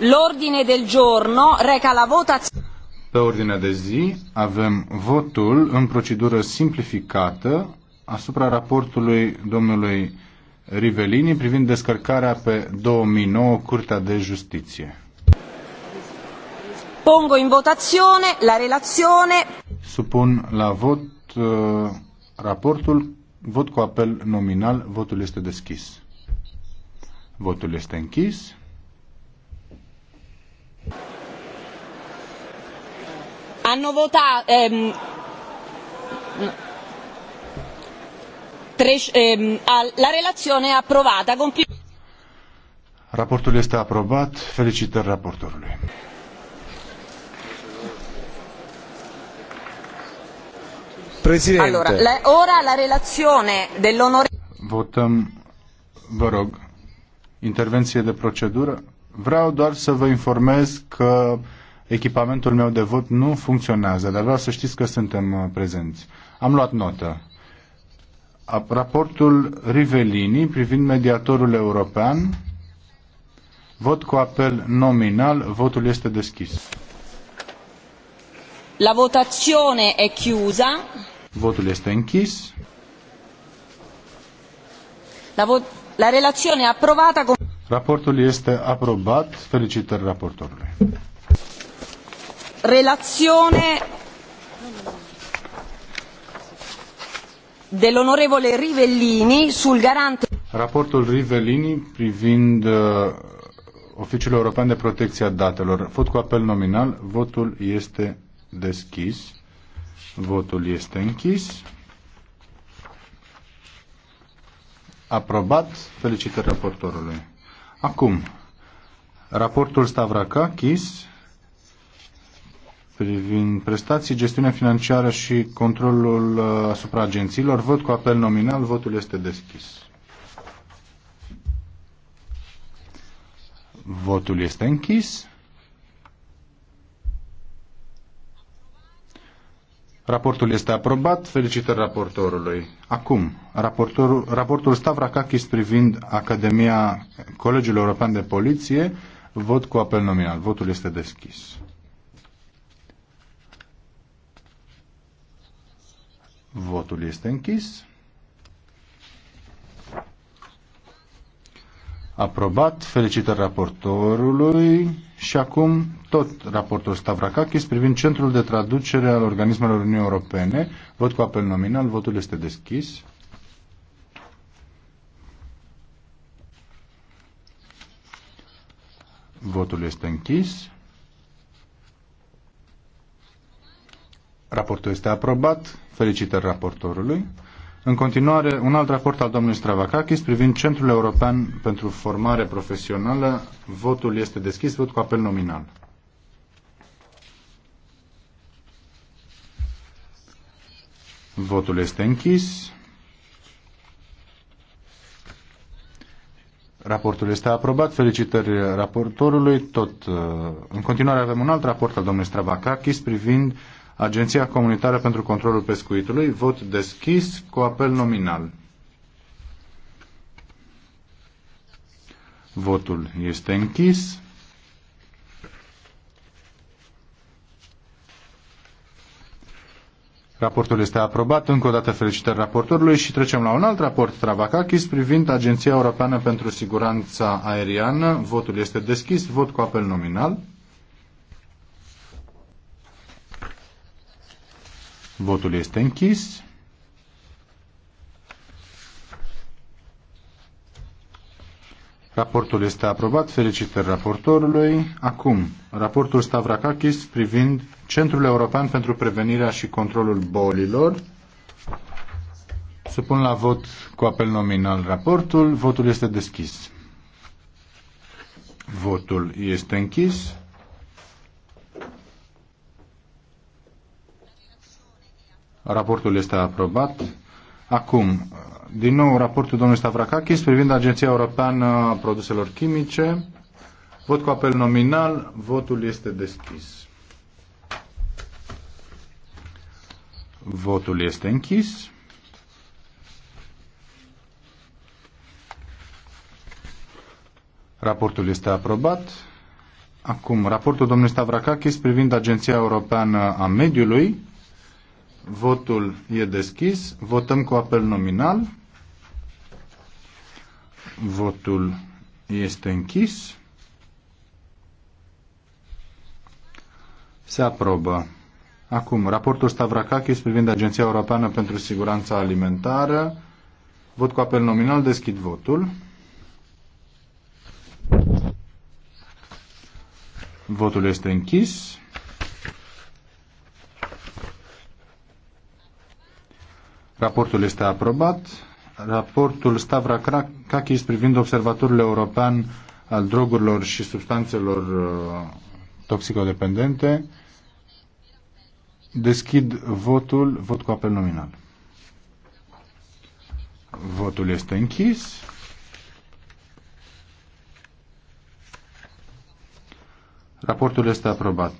L'ordine del giorno reca la votazione. Pe ordinea de zi avem votul în procedură simplificată asupra raportului domnului Rivelini privind descărcarea pe 2009 Curtea de Justiție. Pongo în votazione la relazione. Supun la vot uh, raportul, vot cu apel nominal, votul este deschis. Votul este închis. hanno votato ehm, tre, ehm, la relazione è approvata. Compl Raportul este aprobat. Felicitări raportorului. Presidente. Allora, la, ora la relazione dell'onorevole... Votăm, vă rog, intervenție de procedură. Vreau doar să vă informez că echipamentul meu de vot nu funcționează, dar vreau să știți că suntem uh, prezenți. Am luat notă. Raportul Rivelini privind mediatorul european. Vot cu apel nominal. Votul este deschis. La votazione è chiusa. Votul este închis. La, vo- la relazione approvata con... Raportul este aprobat. Felicitări raportorului relazione dell'onorevole Rivellini sul garante. Raportul Rivellini privind uh, Oficiul European de Protecție a Datelor. Vot cu apel nominal. Votul este deschis. Votul este închis. Aprobat. Felicitări raportorului. Acum, raportul Stavrakakis privind prestații, gestiunea financiară și controlul uh, asupra agențiilor. Vot cu apel nominal, votul este deschis. Votul este închis. Raportul este aprobat. Felicitări raportorului. Acum, raportorul, raportul Stavrakakis privind Academia Colegiului European de Poliție, vot cu apel nominal. Votul este deschis. Votul este închis. Aprobat. Felicitări raportorului. Și acum tot raportul Stavrakakis privind Centrul de Traducere al Organismelor Uniunii Europene. Vot cu apel nominal. Votul este deschis. Votul este închis. Raportul este aprobat. Felicitări raportorului. În continuare, un alt raport al domnului Stravakakis privind Centrul European pentru Formare Profesională. Votul este deschis, vot cu apel nominal. Votul este închis. Raportul este aprobat. Felicitări raportorului. Tot, uh, în continuare avem un alt raport al domnului Stravakakis privind Agenția Comunitară pentru Controlul Pescuitului, vot deschis cu apel nominal. Votul este închis. Raportul este aprobat. Încă o dată felicitări raportorului și trecem la un alt raport, Travacachis, privind Agenția Europeană pentru Siguranța Aeriană. Votul este deschis, vot cu apel nominal. Votul este închis. Raportul este aprobat. Felicitări raportorului. Acum, raportul Stavrakakis privind Centrul European pentru Prevenirea și Controlul Bolilor. Supun la vot cu apel nominal raportul. Votul este deschis. Votul este închis. Raportul este aprobat. Acum, din nou, raportul domnului Stavrakakis privind Agenția Europeană a Produselor Chimice. Vot cu apel nominal. Votul este deschis. Votul este închis. Raportul este aprobat. Acum, raportul domnului Stavrakakis privind Agenția Europeană a Mediului. Votul e deschis. Votăm cu apel nominal. Votul este închis. Se aprobă. Acum, raportul Stavrakakis privind Agenția Europeană pentru Siguranța Alimentară. Vot cu apel nominal. Deschid votul. Votul este închis. Raportul este aprobat. Raportul Stavra Kakis privind observatorul european al drogurilor și substanțelor uh, toxicodependente. Deschid votul, vot cu apel nominal. Votul este închis. Raportul este aprobat.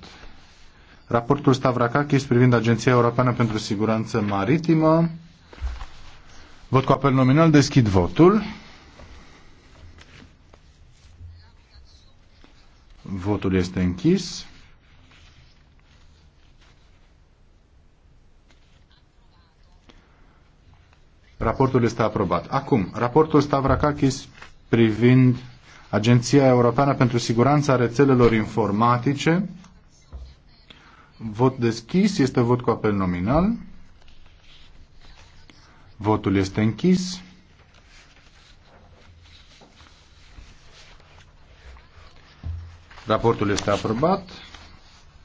Raportul Stavrakakis privind Agenția Europeană pentru Siguranță Maritimă. Vot cu apel nominal, deschid votul. Votul este închis. Raportul este aprobat. Acum, raportul Stavrakakis privind Agenția Europeană pentru Siguranța Rețelelor Informatice. Vot deschis, este vot cu apel nominal. Votul este închis. Raportul este aprobat.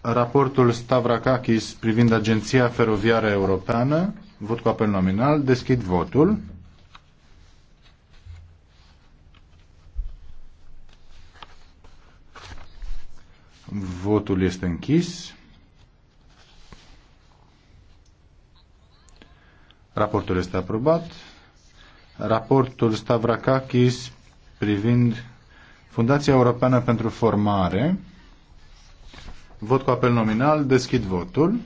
Raportul Stavrakakis privind Agenția Feroviară Europeană, vot cu apel nominal, deschid votul. Votul este închis. Raportul este aprobat. Raportul Stavrakakis privind Fundația Europeană pentru Formare. Vot cu apel nominal. Deschid votul.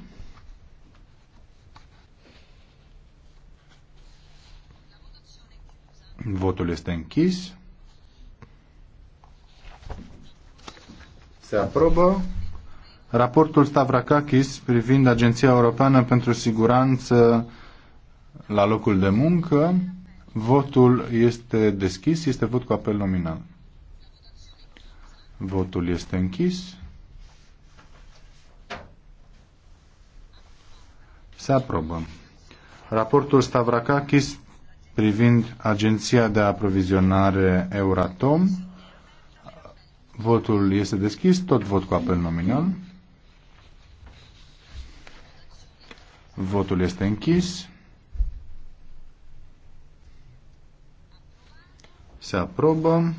Votul este închis. Se aprobă raportul Stavrakakis privind Agenția Europeană pentru Siguranță la locul de muncă. Votul este deschis, este vot cu apel nominal. Votul este închis. Se aprobă. Raportul Stavrakakis privind Agenția de Aprovizionare Euratom. Votul este deschis, tot vot cu apel nominal. Votul este închis. se aprobă.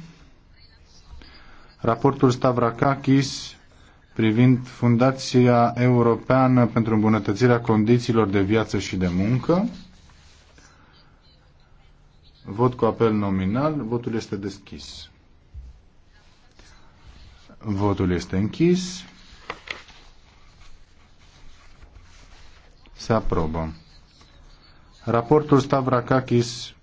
Raportul Stavrakakis privind Fundația Europeană pentru îmbunătățirea condițiilor de viață și de muncă. Vot cu apel nominal. Votul este deschis. Votul este închis. Se aprobă. Raportul Stavrakakis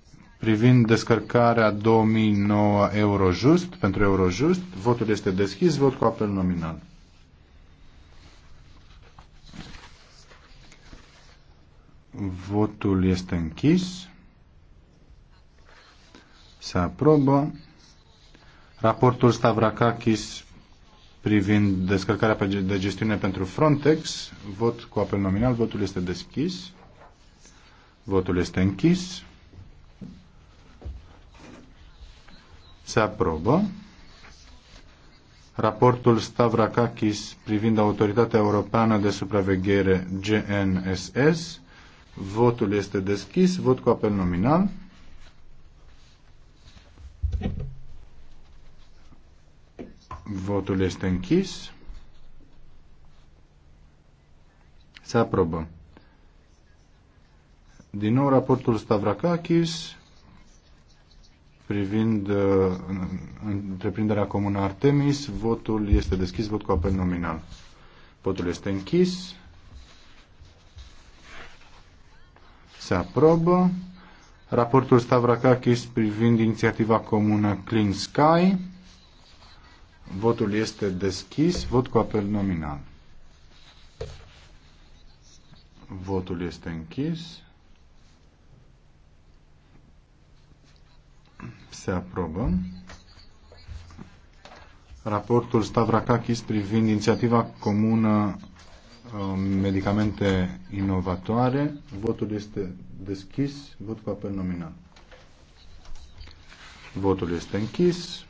privind descărcarea 2009 Eurojust, pentru Eurojust. Votul este deschis, vot cu apel nominal. Votul este închis. Se aprobă. Raportul Stavrakakis privind descărcarea de gestiune pentru Frontex. Vot cu apel nominal. Votul este deschis. Votul este închis. Se aprobă. Raportul Stavrakakis privind Autoritatea Europeană de Supraveghere GNSS. Votul este deschis. Vot cu apel nominal. Votul este închis. Se aprobă. Din nou raportul Stavrakakis privind uh, întreprinderea comună Artemis. Votul este deschis, vot cu apel nominal. Votul este închis. Se aprobă. Raportul Stavrakakis privind inițiativa comună Clean Sky. Votul este deschis, vot cu apel nominal. Votul este închis. se aprobă. Raportul Stavrakakis privind inițiativa comună um, medicamente inovatoare. Votul este deschis, vot cu apel nominal. Votul este închis.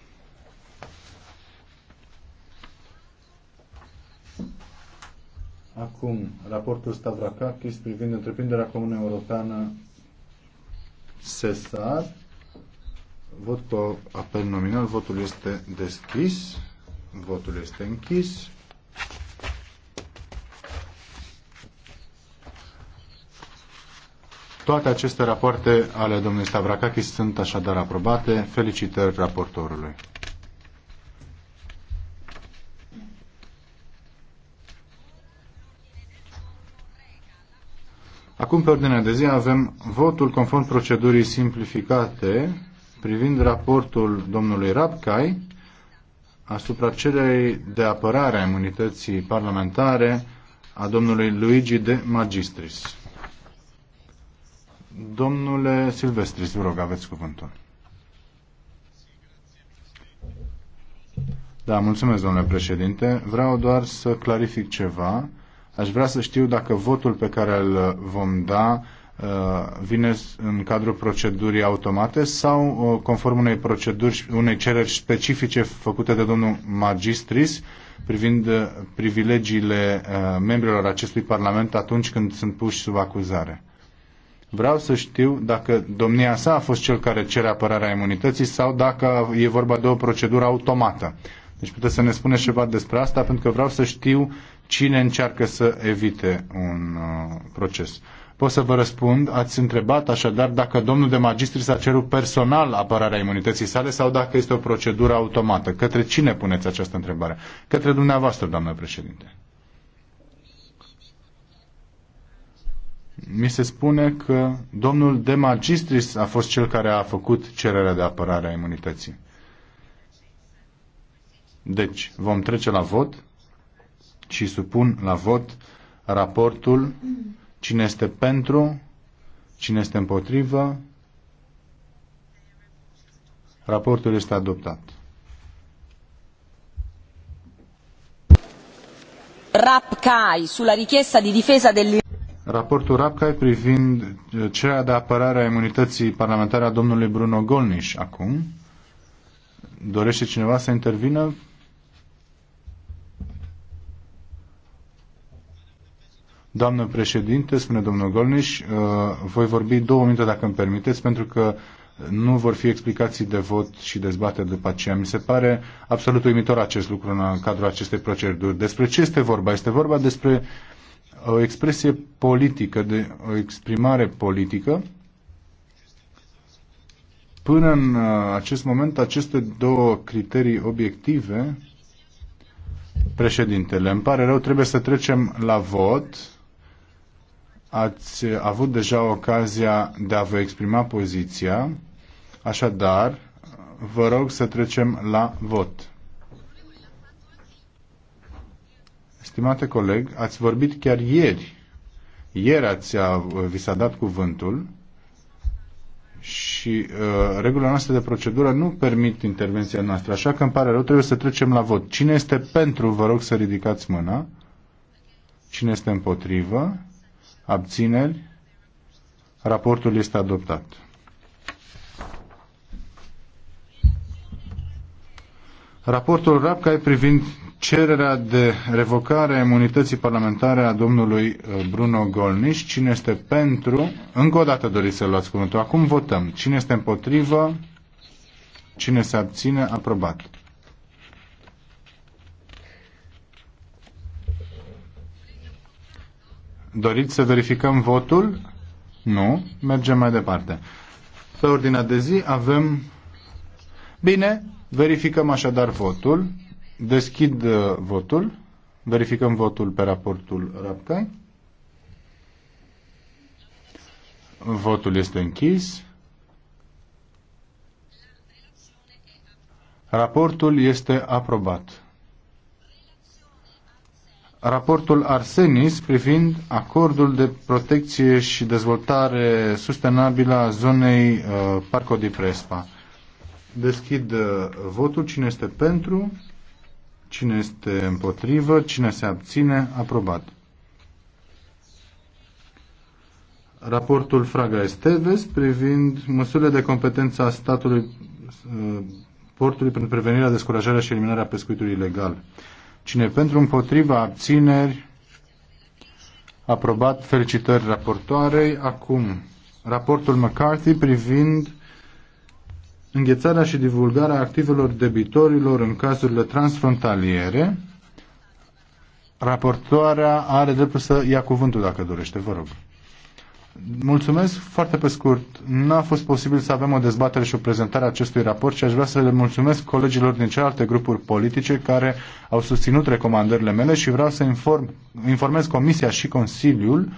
Acum, raportul Stavrakakis privind întreprinderea comună europeană SESAR. Vot apel nominal. Votul este deschis. Votul este închis. Toate aceste rapoarte ale domnului Stavrakakis sunt așadar aprobate. Felicitări raportorului. Acum, pe ordinea de zi, avem votul conform procedurii simplificate privind raportul domnului Rapcai asupra celei de apărare a imunității parlamentare a domnului Luigi de Magistris. Domnule Silvestris, vă rog, aveți cuvântul. Da, mulțumesc, domnule președinte. Vreau doar să clarific ceva. Aș vrea să știu dacă votul pe care îl vom da Uh, vine în cadrul procedurii automate sau uh, conform unei proceduri, unei cereri specifice făcute de domnul Magistris privind uh, privilegiile membrilor acestui Parlament atunci când sunt puși sub acuzare. Vreau să știu dacă domnia sa a fost cel care cere apărarea imunității sau dacă e vorba de o procedură automată. Deci puteți să ne spuneți ceva despre asta pentru că vreau să știu cine încearcă să evite un uh, proces pot să vă răspund. Ați întrebat așadar dacă domnul de magistri s-a cerut personal apărarea imunității sale sau dacă este o procedură automată. Către cine puneți această întrebare? Către dumneavoastră, doamnă președinte. Mi se spune că domnul de magistris a fost cel care a făcut cererea de apărare a imunității. Deci, vom trece la vot și supun la vot raportul mm Cine este pentru? Cine este împotrivă? Raportul este adoptat. Rapcai sulla richiesta di difesa del Raportul Rapcai privind eh, cererea de apărare a imunității parlamentare a domnului Bruno Golniș acum. Dorește cineva să intervină? Doamnă președinte, spune domnul Golniș, uh, voi vorbi două minute dacă îmi permiteți, pentru că nu vor fi explicații de vot și dezbateri după aceea. Mi se pare absolut uimitor acest lucru în cadrul acestei proceduri. Despre ce este vorba? Este vorba despre o expresie politică, de o exprimare politică. Până în uh, acest moment, aceste două criterii obiective, președintele, îmi pare rău, trebuie să trecem la vot ați avut deja ocazia de a vă exprima poziția, așadar vă rog să trecem la vot. Stimate coleg, ați vorbit chiar ieri. Ieri ați, vi s-a dat cuvântul și uh, regula noastră de procedură nu permit intervenția noastră, așa că îmi pare rău, trebuie să trecem la vot. Cine este pentru, vă rog să ridicați mâna. Cine este împotrivă? abțineri, raportul este adoptat. Raportul RAPCAI privind cererea de revocare a imunității parlamentare a domnului uh, Bruno Golniș. Cine este pentru? Încă o dată doriți să luați cuvântul. Acum votăm. Cine este împotrivă? Cine se abține? Aprobat. Doriți să verificăm votul? Nu. Mergem mai departe. Pe ordinea de zi avem... Bine, verificăm așadar votul. Deschid uh, votul. Verificăm votul pe raportul RAPCAI. Votul este închis. Raportul este aprobat raportul Arsenis privind acordul de protecție și dezvoltare sustenabilă a zonei uh, Parco di Prespa. Deschid uh, votul. Cine este pentru? Cine este împotrivă? Cine se abține? Aprobat. Raportul Fraga Esteves privind măsurile de competență a statului uh, portului pentru prevenirea, descurajarea și eliminarea pescuitului ilegal. Cine pentru împotriva abțineri? Aprobat. Felicitări raportoarei. Acum, raportul McCarthy privind înghețarea și divulgarea activelor debitorilor în cazurile transfrontaliere. Raportoarea are dreptul să ia cuvântul dacă dorește. Vă rog. Mulțumesc foarte pe scurt. N-a fost posibil să avem o dezbatere și o prezentare a acestui raport și aș vrea să le mulțumesc colegilor din celelalte grupuri politice care au susținut recomandările mele și vreau să inform, informez Comisia și Consiliul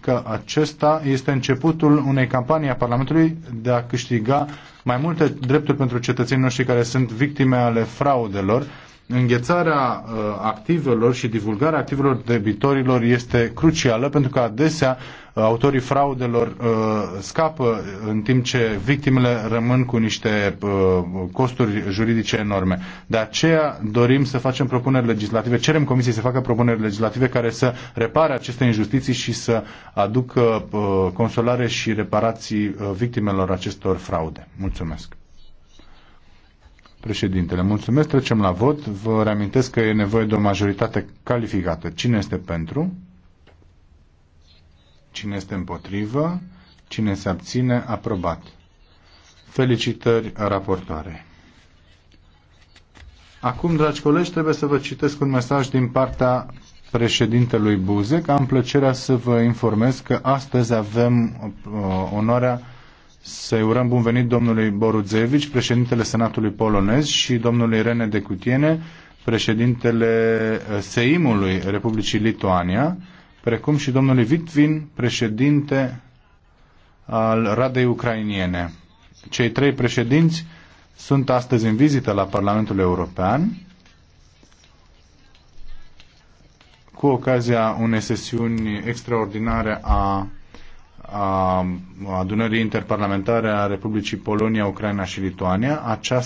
că acesta este începutul unei campanii a Parlamentului de a câștiga mai multe drepturi pentru cetățenii noștri care sunt victime ale fraudelor Înghețarea uh, activelor și divulgarea activelor debitorilor este crucială pentru că adesea uh, autorii fraudelor uh, scapă în timp ce victimele rămân cu niște costuri juridice enorme. De aceea dorim să facem propuneri legislative, cerem Comisiei să facă propuneri legislative care să repare aceste injustiții și să aducă consolare și reparații victimelor acestor fraude. Mulțumesc! Președintele, mulțumesc. Trecem la vot. Vă reamintesc că e nevoie de o majoritate calificată. Cine este pentru? Cine este împotrivă? Cine se abține? Aprobat. Felicitări raportoare. Acum, dragi colegi, trebuie să vă citesc un mesaj din partea președintelui Buzek. Am plăcerea să vă informez că astăzi avem uh, onoarea să-i urăm bun venit domnului Boruzevici, președintele Senatului polonez și domnului Rene de Cutiene, președintele eh, Seimului Republicii Lituania, precum și domnului Vitvin, președinte al Radei Ucrainiene. Cei trei președinți sunt astăzi în vizită la Parlamentul European cu ocazia unei sesiuni extraordinare a a adunării interparlamentare a Republicii Polonia, Ucraina și Lituania. Această